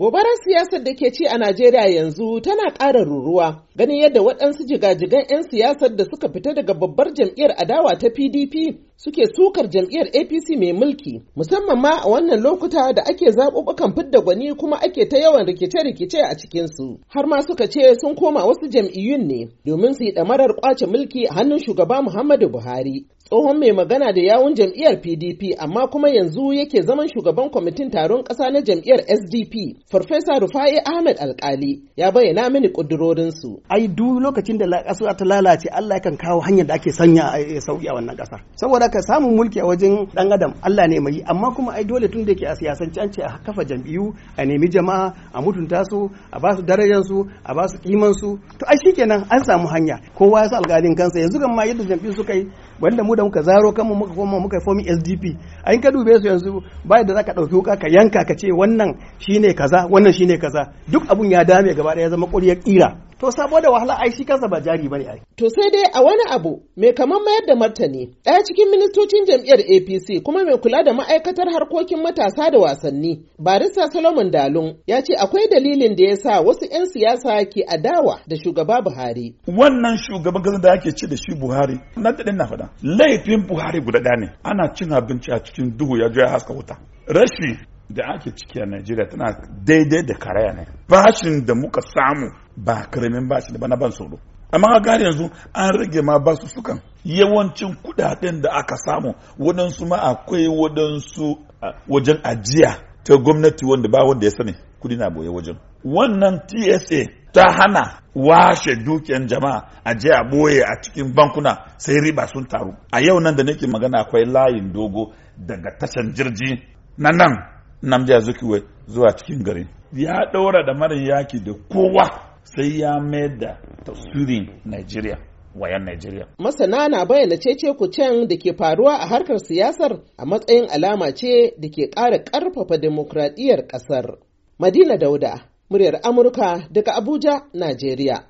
Gobarar siyasar da ke ci a Najeriya yanzu tana ƙara ruruwa, ganin yadda waɗansu jigajigan 'yan siyasar da suka fita daga babbar jam'iyyar adawa ta PDP suke sukar jam'iyyar APC mai mulki, musamman ma a wannan lokuta da ake zaɓuɓɓukan fidda gwani kuma ake ta yawan rikice-rikice a cikinsu. Har ma suka ce sun koma wasu jam'iyyun ne domin su yi ɗamarar ƙwace mulki a hannun shugaba Muhammadu Buhari. tsohon mai magana da yawun jam'iyyar PDP amma kuma yanzu yake zaman shugaban kwamitin taron ƙasa na jam'iyyar SDP Farfesa Rufai Ahmed Alkali ya bayyana mini ƙudurorinsu. Ai duk lokacin da ƙasa ta lalace Allah kan kawo hanyar da ake sanya a eh, sauki a wannan ƙasar. Saboda ka samun mulki a wajen ɗan adam Allah ne mai amma kuma ai dole tun da ke a siyasance an ce a kafa jam'iyyu a nemi jama'a a mutunta su a ba su darajar a ba su kimansu to ai shikenan an samu hanya kowa ya sa alƙalin kansa yanzu gan ma yadda jam'iyyu suka yi wanda mu da muka zaro kanmu muka koma muka fomi SDP a ka dube su yanzu bai da zaka dauki wuka ka yanka ka ce wannan shine kaza wannan shine kaza duk abun ya dame gaba daya zama ƙuryar ƙira to saboda wahala ai shi kansa ba jari bane ai to sai dai a wani abu mai kaman mayar da martani ɗaya cikin ministocin jam'iyyar APC kuma mai kula da ma'aikatar harkokin matasa da wasanni barista Solomon Dalun ya ce akwai dalilin da ya sa wasu 'yan siyasa ke adawa da shugaba Buhari wannan shugaban kasa da ake ci da shi Buhari na da na faɗa laifin Buhari guda ɗaya ne ana cin abinci a cikin duhu ya ya haska wuta rashi da ake ciki a Najeriya tana daidai da karaya ne bashin da muka samu ba karamin bashi ba na ban tsoro amma a gari yanzu an rage ma su sukan yawancin kudaden da aka samu waɗansu ma akwai waɗansu wajen ajiya ta gwamnati wanda ba wanda ya sani kudi na boye wajen wannan tsa ta hana washe dukiyan jama'a a je a boye a cikin bankuna sai riba sun taru a yau nan da nake magana akwai layin dogo daga tashan jirgi na nan namdi zuwa cikin gari ya ɗaura da marin yaki da kowa sai ya mayar da tasirin Najeriya wayan Najeriya. Masana na bayyana cece kucen da ke faruwa a harkar siyasar a matsayin alama ce da ke ƙara ƙarfafa demokradiyyar ƙasar. Madina Dauda, muryar Amurka daga Abuja, Najeriya.